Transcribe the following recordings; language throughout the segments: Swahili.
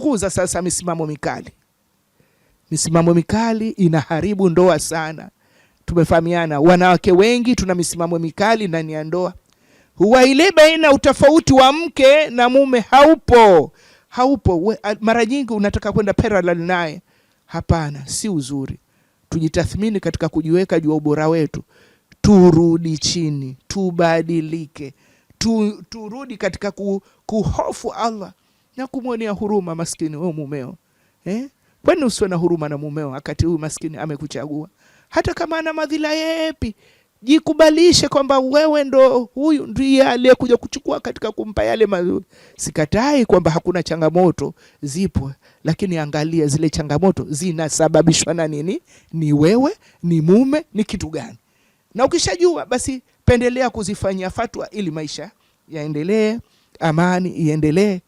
Punguza sasa misimamo mikali. Misimamo mikali inaharibu ndoa sana. Tumefahamiana, wanawake wengi tuna misimamo mikali ndani ya ndoa. Huwa ile baina utofauti wa mke na mume haupo, haupo. Mara nyingi unataka kwenda parallel naye. Hapana, si uzuri. Tujitathmini katika kujiweka juu ubora wetu, turudi chini, tubadilike, tu, turudi katika ku, kuhofu Allah na kumwonea huruma maskini wewe mumeo eh? Kwani usiwe na huruma na mumeo wakati huyu maskini amekuchagua? Hata kama ana madhila yepi, jikubalishe kwamba wewe ndo huyu ndiye aliyekuja kuchukua katika kumpa yale mazuri. Sikatai kwamba hakuna changamoto, zipo, lakini angalia zile changamoto zinasababishwa na nini? Ni wewe, ni mume, ni kitu gani? Na ukishajua basi pendelea kuzifanyia fatwa ili maisha yaendelee, amani iendelee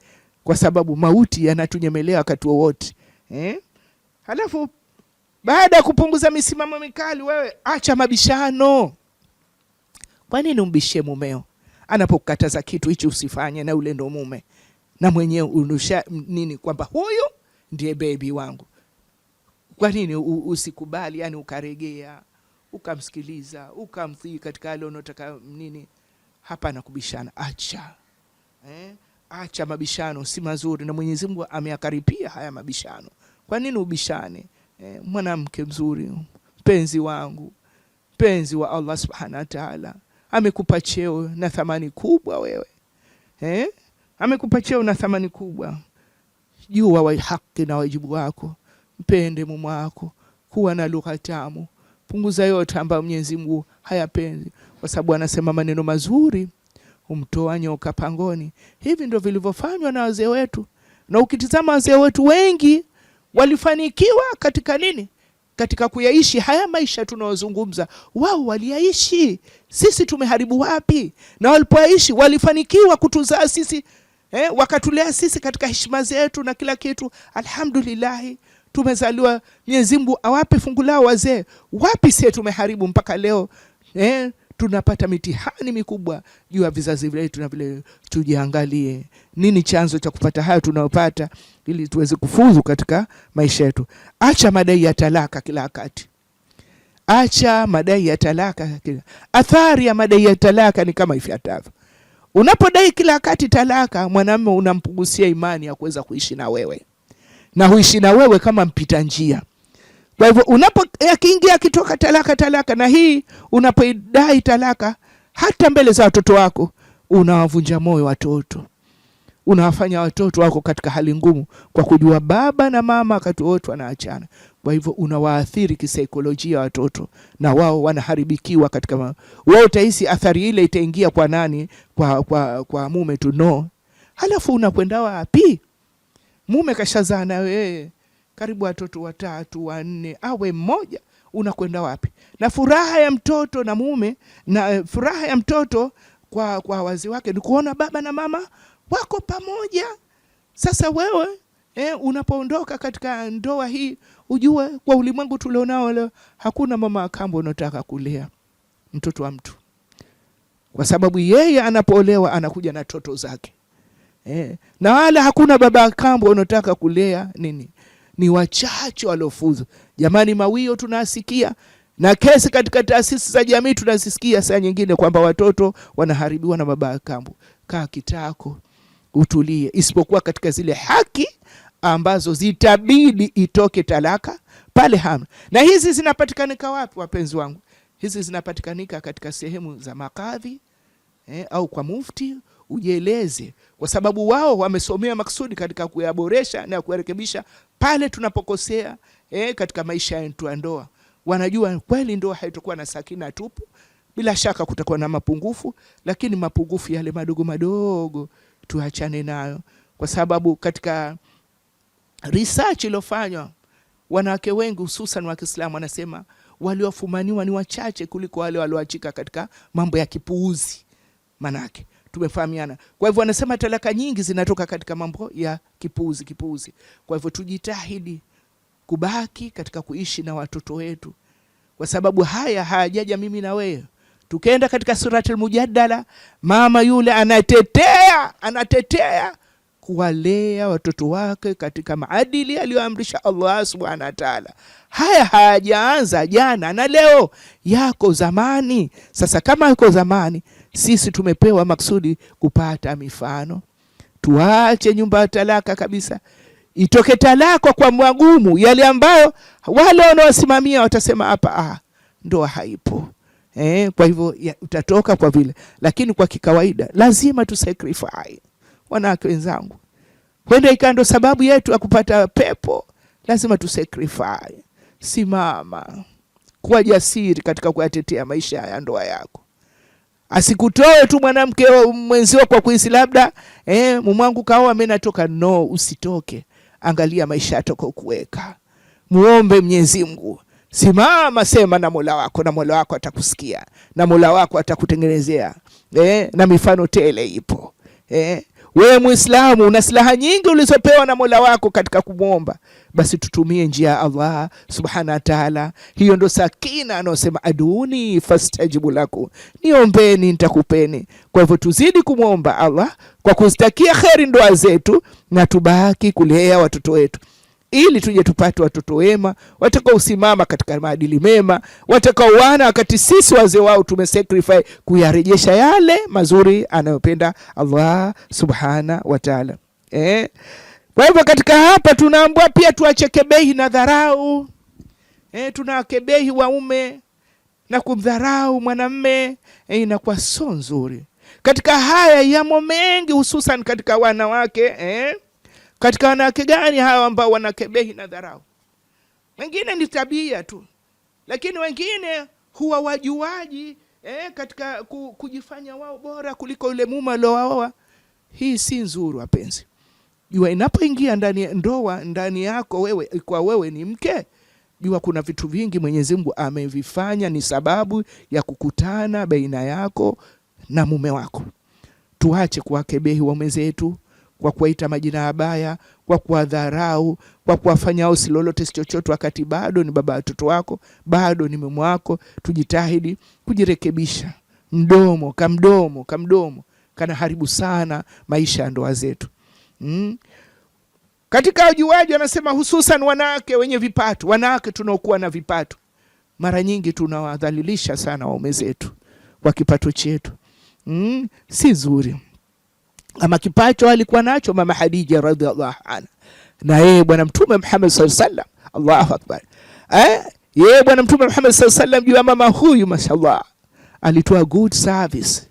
kwa sababu mauti yanatunyemelea wakati wowote eh? Halafu baada ya kupunguza misimamo mikali, wewe acha mabishano. Kwa nini umbishie mumeo anapokataza kitu hichi usifanye, na ule ndo mume na mwenyewe unusha nini kwamba huyu ndiye bebi wangu? Kwa nini usikubali, yani ukaregea ukamsikiliza ukamtii katika yale unaotaka nini? Hapana kubishana, acha eh? acha mabishano, si mazuri, na Mwenyezi Mungu ameyakaripia haya mabishano. Kwa nini ubishane? E, mwanamke mzuri, mpenzi wangu, mpenzi wa Allah subhanahu wa ta'ala, amekupa cheo na thamani kubwa wewe e? amekupa cheo na thamani kubwa. Jua wa haki na wajibu wako, mpende mume wako, kuwa na lugha tamu, punguza yote ambayo Mwenyezi Mungu hayapendi, kwa sababu anasema maneno mazuri humtoa nyoka pangoni. Hivi ndio vilivyofanywa na wazee wetu, na ukitizama wazee wetu wengi walifanikiwa katika nini? Katika kuyaishi haya maisha tunayozungumza. Wao waliyaishi, sisi tumeharibu wapi? Na walipoishi walifanikiwa kutuzaa sisi eh, wakatulea sisi katika heshima zetu na kila kitu. Alhamdulillahi, tumezaliwa. Mwenyezi Mungu awape fungu lao wazee. Wapi sie tumeharibu mpaka leo eh? tunapata mitihani mikubwa juu ya vizazi vyetu, na vile tujiangalie nini chanzo cha kupata hayo tunayopata, ili tuweze kufuzu katika maisha yetu. Acha madai ya talaka kila wakati, acha madai ya talaka kila. Athari ya madai ya talaka ni kama ifuatavyo: unapodai kila wakati talaka, mwanamume unampungusia imani ya kuweza kuishi na wewe, na huishi na wewe kama mpita njia. Kwa hivyo unapo akiingia akitoka talaka talaka, na hii unapoidai talaka hata mbele za watoto wako unawavunja moyo watoto, unawafanya watoto wako katika hali ngumu, kwa kujua baba na mama wakati wote wanaachana. Kwa hivyo unawaathiri kisaikolojia watoto, na wao wanaharibikiwa katika wao. Utahisi athari ile itaingia kwa nani? Kwa, kwa, kwa mume tu no. Halafu unakwenda wapi? Mume kashazaa na wewe karibu watoto watatu wanne, awe mmoja, unakwenda wapi? Na furaha ya mtoto na mume na eh, furaha ya mtoto kwa, kwa wazi wake ni kuona baba na mama wako pamoja. Sasa wewe eh, unapoondoka katika ndoa hii ujue kwa ulimwengu tulionao leo hakuna mama akambo unataka kulea mtoto wa mtu, kwa sababu yeye anapoolewa anakuja na toto zake eh, na wala hakuna baba akambo unataka kulea nini ni wachache waliofuzu. Jamani, mawio tunasikia na kesi katika taasisi za jamii tunazisikia saa nyingine kwamba watoto wanaharibiwa na baba ya kambo. Kaa kitako utulie, isipokuwa katika zile haki ambazo zitabidi itoke talaka pale hamna. Na hizi zinapatikanika wapi, wapenzi wangu? Hizi zinapatikanika katika sehemu za makadhi eh, au kwa mufti ujieleze, kwa sababu wao wamesomea maksudi katika kuyaboresha na kuyarekebisha pale tunapokosea eh, katika maisha yetu ya ndoa, wanajua kweli ndoa haitakuwa na sakina tupu. Bila shaka kutakuwa na mapungufu, lakini mapungufu yale madogo madogo tuachane nayo, kwa sababu katika research iliyofanywa wanawake wengi hususan wa Kiislamu wanasema waliofumaniwa ni wachache kuliko wale walioachika katika mambo ya kipuuzi manake tumefahamiana. Kwa hivyo anasema talaka nyingi zinatoka katika mambo ya kipuuzi kipuuzi. Kwa hivyo tujitahidi kubaki katika kuishi na watoto wetu, kwa sababu haya hayajaja mimi na wewe. Tukenda katika surati Mujadala, mama yule anatetea anatetea kuwalea watoto wake katika maadili aliyoamrisha Allah subhanahu wa taala. Haya hayajaanza jana na leo, yako zamani. Sasa kama yako zamani sisi tumepewa maksudi kupata mifano. Tuache nyumba ya talaka kabisa, itoke talaka kwa mwagumu, yale ambayo wale wanaosimamia watasema hapa, ah, ndoa haipo eh. Kwa hivyo utatoka kwa vile, lakini kwa kikawaida lazima tu sacrifice. Wanawake wenzangu, huenda ikawa ndo sababu yetu ya kupata pepo. Lazima tu sacrifice. Simama, kuwa jasiri katika kuyatetea maisha ya ndoa yako. Asikutoe tu mwanamke mwenzio kwa kuhisi labda eh, mumwangu kaoa mimi natoka. No, usitoke. Angalia maisha yatoka kuweka, muombe Mwenyezi Mungu, simama, sema na Mola wako, na Mola wako atakusikia, na Mola wako atakutengenezea eh, na mifano tele ipo eh. Wewe Muislamu, una silaha nyingi ulizopewa na Mola wako katika kumwomba, basi tutumie njia ya Allah subhanahu wa taala. Hiyo ndo sakina anaosema aduni fastajibu laku niombeni nitakupeni. Kwa hivyo tuzidi kumwomba Allah kwa kustakia kheri ndoa zetu na tubaki kulea watoto wetu ili tuje tupate watoto wema watakaosimama katika maadili mema, watakaoana wakati sisi wazee wao sacrifice kuyarejesha yale mazuri anayopenda Allah subhana wa taala. Eh, kwa hivyo katika hapa tunaambua pia tuache kebehi na dharau. Eh, tunawakebehi waume na kumdharau mwanamme, eh, inakuwa sio nzuri. Katika haya yamo mengi, hususan katika wanawake eh katika wanawake gani hawa ambao wanakebehi na dharau? Wengine ni tabia tu, lakini wengine huwa wajuaji eh, katika kujifanya wao bora kuliko yule mume aliowaoa. Hii si nzuri wapenzi. Jua inapoingia ndani ya ndoa ndani yako wewe, kwa wewe ni mke, jua kuna vitu vingi Mwenyezi Mungu amevifanya ni sababu ya kukutana baina yako na mume wako. Tuache kuwakebehi waume zetu kwa kuwaita majina mabaya, kwa kuwadharau, kwa kuwafanya au si lolote si chochote, wakati bado ni baba watoto wako, bado ni mume wako. Tujitahidi kujirekebisha. Mdomo kamdomo kamdomo kanaharibu sana maisha ya ndoa zetu mm. Katika wajuaji wanasema, hususan wanawake wenye vipato, wanawake tunaokuwa na vipato, mara nyingi tunawadhalilisha sana waume zetu kwa kipato chetu mm. si zuri ama kipacho alikuwa nacho mama Hadija radhiallahu anha, na yeye bwana mtume Muhammad sallallahu alaihi wasallam. Allahu akbar! Eh, yeye bwana mtume Muhammad sallallahu alaihi wasallam juu ya mama huyu mashallah, alitoa good service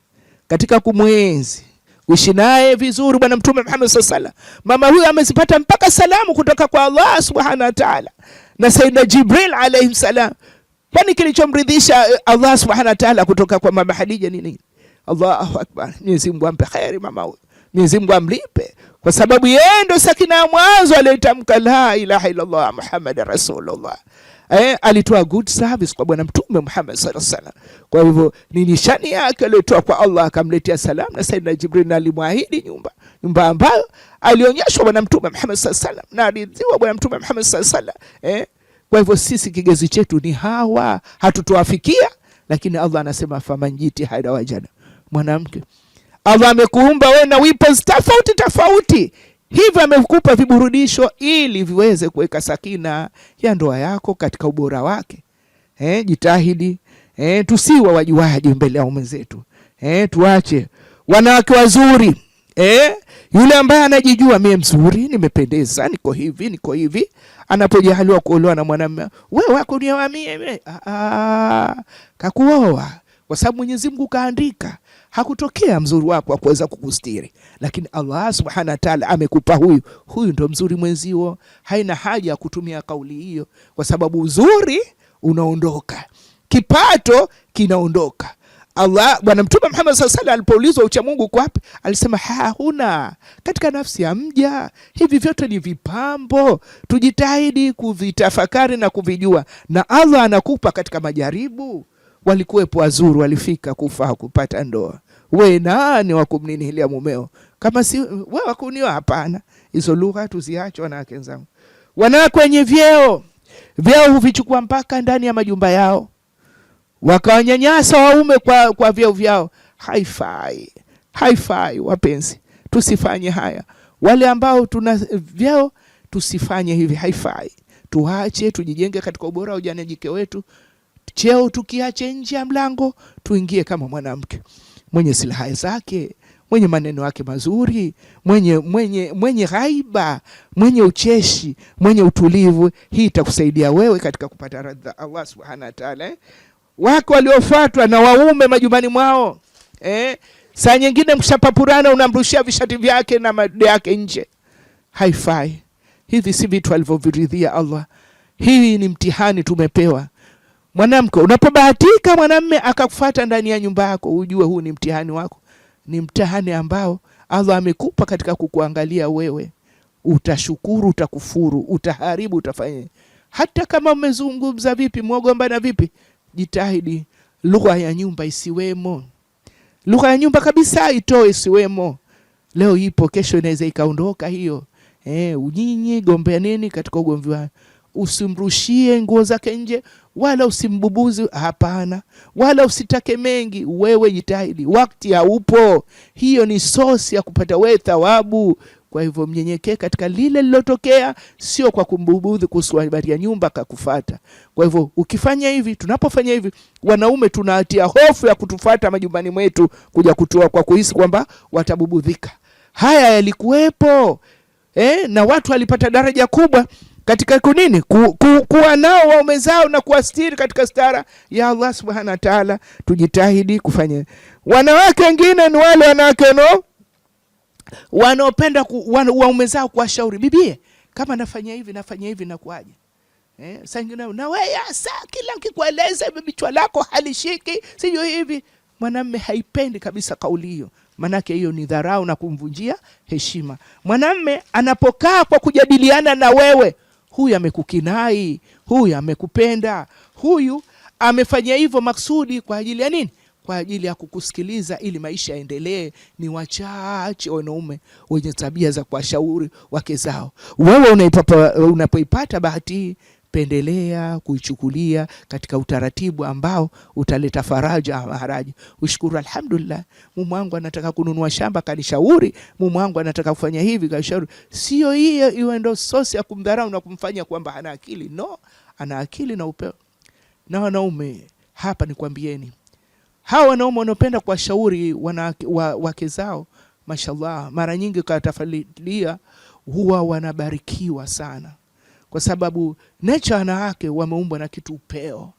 katika kumwenzi kuishi naye vizuri bwana mtume Muhammad sallallahu alaihi wasallam. Mama huyu amezipata mpaka salamu kutoka kwa Allah subhanahu wa ta'ala na Sayyidina Jibril alayhi salam, kwani kilichomridhisha eh, Allah subhanahu wa ta'ala kutoka kwa mama Hadija ni nini? Allahu akbar! Mwenyezi Mungu ampe khairi mama huyu. Mwenyezi Mungu amlipe kwa sababu yeye ndo sakina ya mwanzo aliyetamka la ilaha illallah Muhammad rasulullah. Eh, alitoa good service kwa bwana mtume Muhammad sallallahu alaihi wasallam. Kwa hivyo ni nishani yake aliyotoa kwa Allah, akamletea salamu na Saidina Jibril, na alimwahidi nyumba nyumba ambayo alionyeshwa bwana mtume Muhammad sallallahu alaihi wasallam na alidhiwa bwana mtume Muhammad sallallahu alaihi wasallam. Eh, kwa hivyo sisi kigezo chetu ni hawa, hatutowafikia, lakini Allah anasema famanjiti haida wajana mwanamke Allah amekuumba wewe na weapons tofauti tofauti, hivyo amekupa viburudisho ili viweze kuweka sakina ya ndoa yako katika ubora wake. Eh, jitahidi eh, tusiwe wajuaji mbele ya mwenzetu eh, tuache wanawake wazuri eh, yule ambaye anajijua mie mzuri, nimependeza, niko hivi, niko hivi, anapojaliwa kuolewa na mwanamume, wewe wako ah, ah, kakuoa kwa sababu Mwenyezi Mungu kaandika, hakutokea mzuri wako wa kuweza kukustiri, lakini Allah subhanahu wa ta'ala amekupa huyu huyu, ndo mzuri mwenzio. Haina haja ya kutumia kauli hiyo, kwa sababu uzuri unaondoka, kipato kinaondoka. Allah Bwana Mtume Muhammad sallallahu alaihi wasallam alipoulizwa ucha Mungu kwa wapi, alisema hauna katika nafsi ya mja. Hivi vyote ni vipambo, tujitahidi kuvitafakari na kuvijua, na Allah anakupa katika majaribu walikuwepo wazuri, walifika kufaa kupata ndoa. We nani wa kumninihilia mumeo kama si we wakunio? Hapana, hizo lugha tuziache, wanawake wenzangu. Wanawake wenye vyeo, vyeo huvichukua mpaka ndani ya majumba yao, wakawanyanyasa waume kwa, kwa vyeo vyao. Haifai, haifai wapenzi, tusifanye haya. Wale ambao tuna vyeo tusifanye hivi, haifai. Tuache tujijenge katika ubora wa ujanajike wetu cheo tukiache nje ya mlango, tuingie kama mwanamke mwenye silaha zake, mwenye maneno yake mazuri, mwenye, mwenye, mwenye haiba, mwenye ucheshi, mwenye utulivu. Hii itakusaidia wewe katika kupata radha Allah subhanahu wa ta'ala eh? Wako waliofuatwa na waume majumbani mwao eh? Saa nyingine mshapapurana, unamrushia vishati vyake na made yake nje. Haifai, hivi si vitu alivyoviridhia Allah. Hii ni mtihani tumepewa mwanamke, unapobahatika mwanamme akakufata ndani ya nyumba yako, ujue huu ni mtihani wako, ni mtihani ambao Allah amekupa katika kukuangalia wewe. Utashukuru, utakufuru, utaharibu, utafanya hata kama umezungumza vipi, mwagombana vipi, jitahidi lugha ya nyumba isiwemo, lugha ya nyumba kabisa itoe, isiwemo. Leo ipo, kesho inaweza ikaondoka hiyo. Eh, nyinyi nini katika ugomvi wao usimrushie nguo zake nje, wala usimbubuzi. Hapana, wala usitake mengi. Wewe jitahidi, wakati haupo. Hiyo ni sosi ya kupata wewe thawabu. Kwa hivyo mnyenyekee katika lile lilotokea, sio kwa kumbubudhi kuhusu habari ya nyumba kakufata. Kwa hivyo ukifanya hivi, tunapofanya hivi, wanaume tunaatia hofu ya kutufata majumbani mwetu kuja kutoa, kwa kuhisi kwamba watabubudhika. Haya yalikuwepo eh, na watu walipata daraja kubwa katika kunini ku, ku, kuwa nao waume zao na kuwastiri katika stara ya Allah subhanahu wa taala. Tujitahidi kufanya. Wanawake wengine ni wale wanawake no wanaopenda ku, wan, waume zao kuwashauri, bibie, kama nafanya hivi nafanya hivi nakuaje? Eh, saa ingine na wewe hasa kila ukikueleza chwa lako halishiki, sio hivi. Mwanamme haipendi kabisa kauli hiyo, maanake hiyo ni dharau na kumvunjia heshima. Mwanamme anapokaa kwa kujadiliana na wewe huyu amekukinai, huyu amekupenda, huyu amefanya hivyo maksudi. Kwa ajili ya nini? Kwa ajili ya kukusikiliza, ili maisha yaendelee. Ni wachache wanaume wenye tabia za kuwashauri wake zao. Wewe unapoipata bahati hii, kuipendelea, kuichukulia katika utaratibu ambao utaleta faraja. Maharaji, ushukuru alhamdulillah, mume wangu anataka kununua shamba kanishauri, mume wangu anataka kufanya hivi kanishauri. Sio hiyo iwe ndo sosi ya kumdharau na kumfanya kwamba ana akili. No, ana akili na upeo. Na wanaume hapa nikwambieni, hawa wanaume wanaopenda kuwashauri wake wa, wake zao mashallah, mara nyingi katafalia huwa wanabarikiwa sana kwa sababu nature wanawake wameumbwa na kitu upeo.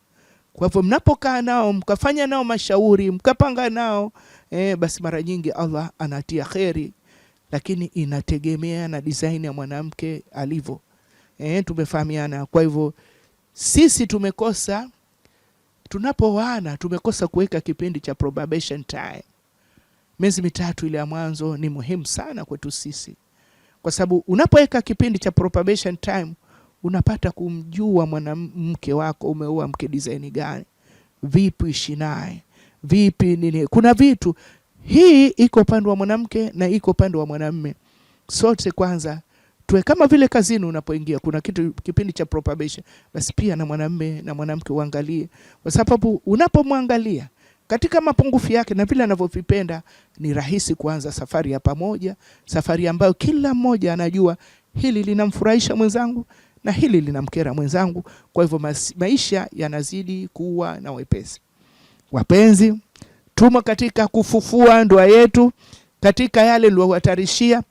Kwa hivyo mnapokaa nao mkafanya nao mashauri mkapanga nao eh, basi mara nyingi Allah anatia kheri, lakini inategemea na design ya mwanamke alivyo. Eh, tumefahamiana. Kwa hivyo sisi tumekosa tunapoana, tumekosa kuweka kipindi cha probation time. Miezi mitatu ile ya mwanzo ni muhimu sana kwetu sisi, kwa sababu unapoweka kipindi cha probation time unapata kumjua mwanamke wako, umeoa mke design gani, vipi ishi naye, vipi nini. Kuna vitu hii iko upande wa mwanamke na iko upande wa mwanamme. Sote kwanza tuwe kama vile kazini, unapoingia kuna kitu kipindi cha probation, basi pia na mwanamme na mwanamke uangalie, kwa sababu unapomwangalia katika mapungufu yake na vile anavyovipenda ni rahisi kuanza safari ya pamoja, safari ambayo kila mmoja anajua hili linamfurahisha mwenzangu, na hili linamkera mwenzangu. Kwa hivyo maisha yanazidi kuwa na wepesi. Wapenzi, tumo katika kufufua ndoa yetu katika yale liyohatarishia,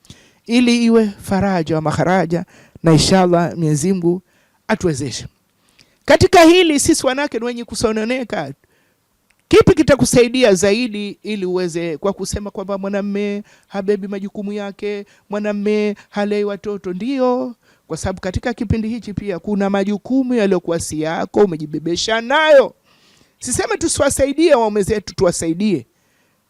ili iwe faraja wa maharaja, na inshallah Mwenyezi Mungu atuwezeshe katika hili. Sisi wanawake ni wenye kusononeka Kipi kitakusaidia zaidi ili uweze kwa kusema kwamba mwanamme habebi majukumu yake, mwanamme halei watoto? ndio kwa sababu katika kipindi hichi pia kuna majukumu yaliyokuwa si yako, umejibebesha nayo. Siseme tusiwasaidie waume zetu, tuwasaidie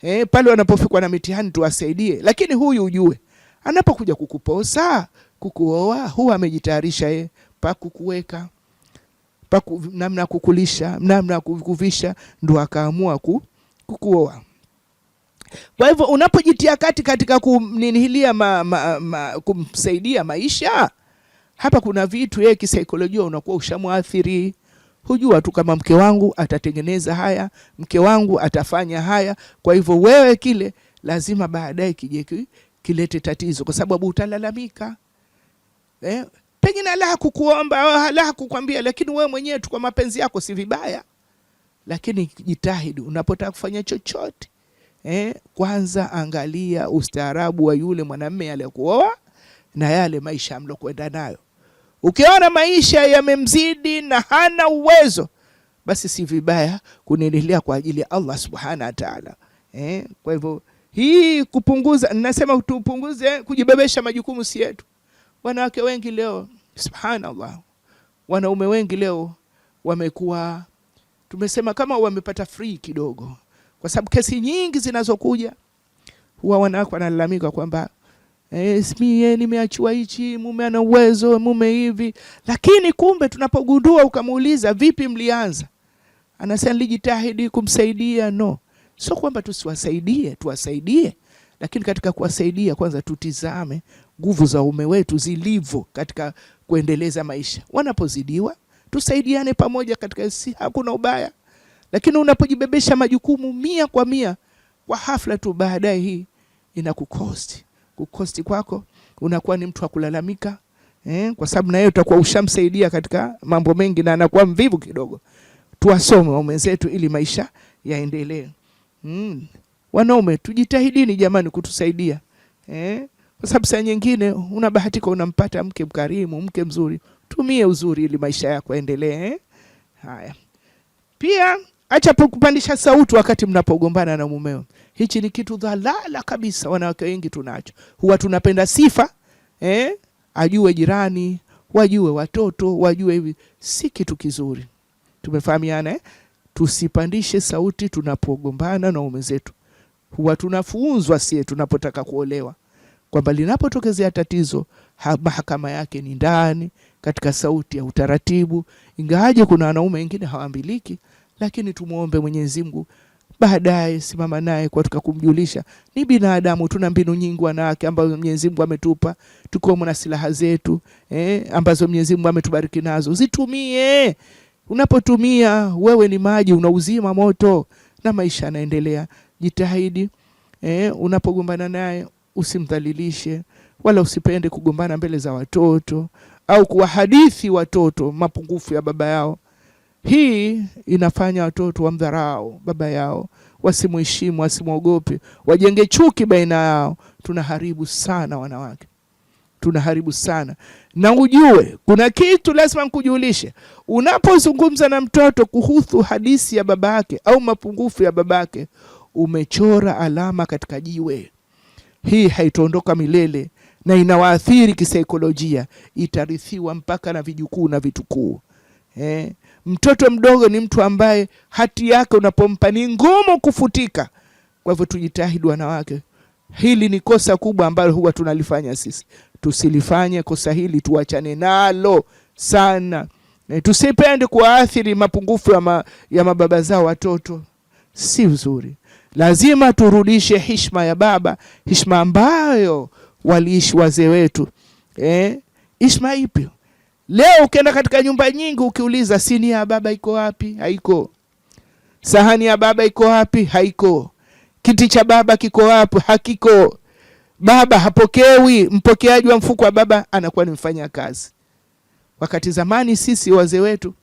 eh, pale wanapofikwa na mitihani tuwasaidie, lakini huyu ujue, anapokuja kukuposa kukuoa, huwa amejitayarisha yeye eh, pa kukuweka pa namna kukulisha namna kukuvisha, ndo akaamua ku, kukuoa. Kwa hivyo unapojitia kati katika kumninihilia ma, ma, ma, kumsaidia maisha hapa kuna vitu yeye kisaikolojia unakuwa ushamwathiri. Hujua tu kama mke wangu atatengeneza haya, mke wangu atafanya haya. Kwa hivyo wewe kile lazima baadaye kije kilete tatizo, kwa sababu utalalamika eh? Pengine ala hakukuomba la kukwambia lakini wewe mwenyewe tu kwa mapenzi yako, si vibaya, lakini jitahidi unapotaka kufanya chochote eh, kwanza angalia ustaarabu wa yule mwanamume aliyekuoa na yale maisha mlokwenda nayo. Ukiona maisha yamemzidi na hana uwezo, basi si vibaya kuniendelea kwa ajili ya Allah subhanahu wa ta'ala. Eh, kwa hivyo hii kupunguza, nasema tupunguze kujibebesha majukumu si yetu. Wanawake wengi leo, subhanallah, wanaume wengi leo wamekuwa tumesema kama wamepata free kidogo, kwa sababu kesi nyingi zinazokuja huwa wanawake wanalalamika kwamba e, nimeachiwa hichi, mume ana uwezo, mume hivi. Lakini kumbe tunapogundua ukamuuliza, vipi mlianza, anasema nilijitahidi kumsaidia. No, sio kwamba tusiwasaidie, tuwasaidie, lakini katika kuwasaidia kwanza tutizame nguvu za ume wetu zilivyo katika kuendeleza maisha. Wanapozidiwa tusaidiane pamoja katika, si hakuna ubaya, lakini unapojibebesha majukumu mia kwa mia kwa hafla tu, baadaye hii inakukosti kukosti kwako, unakuwa ni mtu wa kulalamika eh, kwa sababu na yeye utakuwa ushamsaidia katika mambo mengi na anakuwa mvivu kidogo. Tuwasome waume zetu ili maisha yaendelee. Mm. Wanaume tujitahidini jamani kutusaidia eh, kwa sababu saa nyingine unabahatika unampata mke mkarimu, mke mzuri. Tumie uzuri ili maisha yako yaendelee eh? Haya, pia acha kupandisha sauti wakati mnapogombana na mumeo. Hichi ni kitu dhalala kabisa, wanawake wengi tunacho, huwa tunapenda sifa eh? Ajue jirani, wajue watoto, wajue hivi, si kitu kizuri. Tumefahamiana eh? Tusipandishe sauti tunapogombana na ume zetu, huwa tunafunzwa sie tunapotaka kuolewa kwamba linapotokezea tatizo mahakama yake ni ndani katika sauti ya utaratibu, ingawaje kuna wanaume wengine hawambiliki, lakini tumwombe Mwenyezi Mungu baadaye simama naye kwa tukakumjulisha, ni binadamu, tuna mbinu nyingi wanawake ambazo Mwenyezi Mungu ametupa, tukiwemo na silaha zetu eh, ambazo Mwenyezi Mungu ametubariki nazo, zitumie. Unapotumia wewe ni maji, unauzima moto na maisha yanaendelea. Jitahidi eh, unapogombana naye usimdhalilishe wala usipende kugombana mbele za watoto au kuwahadithi watoto mapungufu ya baba yao. Hii inafanya watoto wamdharau baba yao, wasimuheshimu, wasimwogope, wajenge chuki baina yao. Tunaharibu sana wanawake, tunaharibu sana. Na ujue kuna kitu lazima nikujulishe, unapozungumza na mtoto kuhusu hadisi ya babake au mapungufu ya babake, umechora alama katika jiwe. Hii haitaondoka milele na inawaathiri kisaikolojia, itarithiwa mpaka na vijukuu na vitukuu eh. Mtoto mdogo ni mtu ambaye hati yake unapompa ni ngumu kufutika. Kwa hivyo tujitahidi wanawake, hili ni kosa kubwa ambalo huwa tunalifanya sisi. Tusilifanye kosa hili, tuachane nalo sana. e, tusipende kuwaathiri mapungufu ya, ma, ya mababa zao watoto, si vizuri. Lazima turudishe heshima ya baba, heshima ambayo waliishi wazee wetu. Eh, heshima ipyo Leo ukienda katika nyumba nyingi ukiuliza sini ya baba iko wapi? Haiko. Sahani ya baba iko wapi? Haiko. Kiti cha baba kiko wapi? Hakiko. Baba hapokewi. Mpokeaji wa mfuko wa baba anakuwa ni mfanya kazi. Wakati zamani sisi wazee wetu,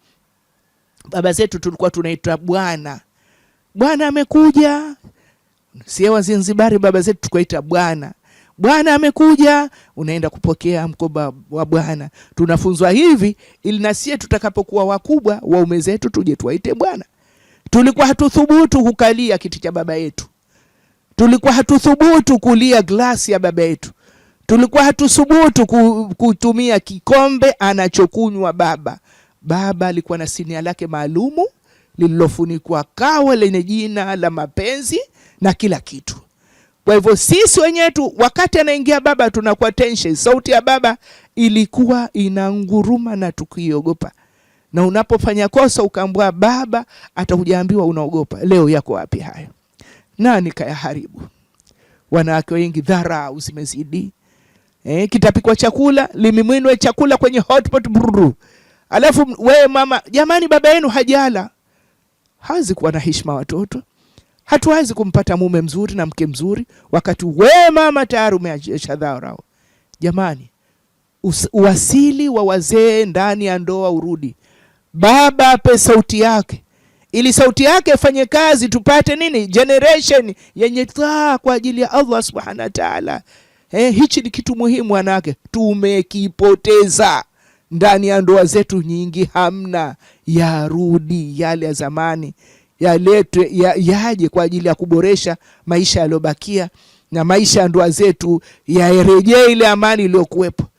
baba zetu, tulikuwa tunaitwa bwana. Bwana amekuja. Sie Wazanzibari baba zetu tukaita bwana. Bwana amekuja, unaenda kupokea mkoba wa Bwana. Tunafunzwa hivi ili na sie tutakapokuwa wakubwa, waume zetu tuje tuwaite Bwana. Tulikuwa hatuthubutu kukalia kiti cha baba yetu, tulikuwa hatuthubutu kulia glasi ya baba yetu, tulikuwa hatuthubutu kutumia kikombe anachokunywa baba. Baba alikuwa na sinia lake maalumu lililofunikwa kawa lenye jina la mapenzi na kila kitu. Kwa hivyo sisi wenyewe tu, wakati anaingia baba tunakuwa tension, sauti ya baba ilikuwa inanguruma na tukiogopa. Na unapofanya kosa ukaambua baba, atakujaambiwa unaogopa. Leo yako wapi hayo? Nani kayaharibu? Wanawake wengi dharau zimezidi. Eh, kitapikwa chakula, limimwinwe chakula kwenye hotpot bruru. Alafu wewe mama, jamani baba yenu hajala. Hawezi kuwa na heshima watoto. Hatuwezi kumpata mume mzuri na mke mzuri wakati we mama tayari umeacha dharau. Jamani, uwasili wa wazee ndani ya ndoa urudi. Baba ape sauti yake, ili sauti yake ifanye kazi, tupate nini? Generation yenye taa kwa ajili ya Allah subhanahu wa ta'ala. Eh, hichi ni kitu muhimu wanawake, tumekipoteza ndani ya ndoa zetu nyingi. Hamna yarudi yale ya zamani yaletwe ya, yaje kwa ajili ya kuboresha maisha yaliyobakia na maisha ya ndoa zetu yarejee ile amani iliyokuwepo.